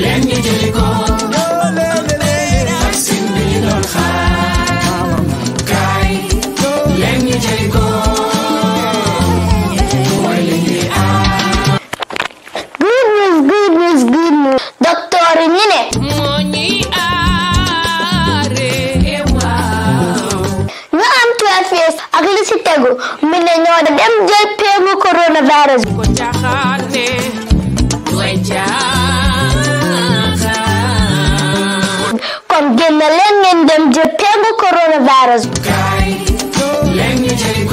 leen ñu jëli ko ak sin bi ñu doon xaar kaay leen ñu jëli ko mooy li ñuy aar. good news good news good news docteur am twelve years ak si tegu mu ne dem jël peegu coronavirus. kon génn leen ngeen dem jëppengu coronavirus bi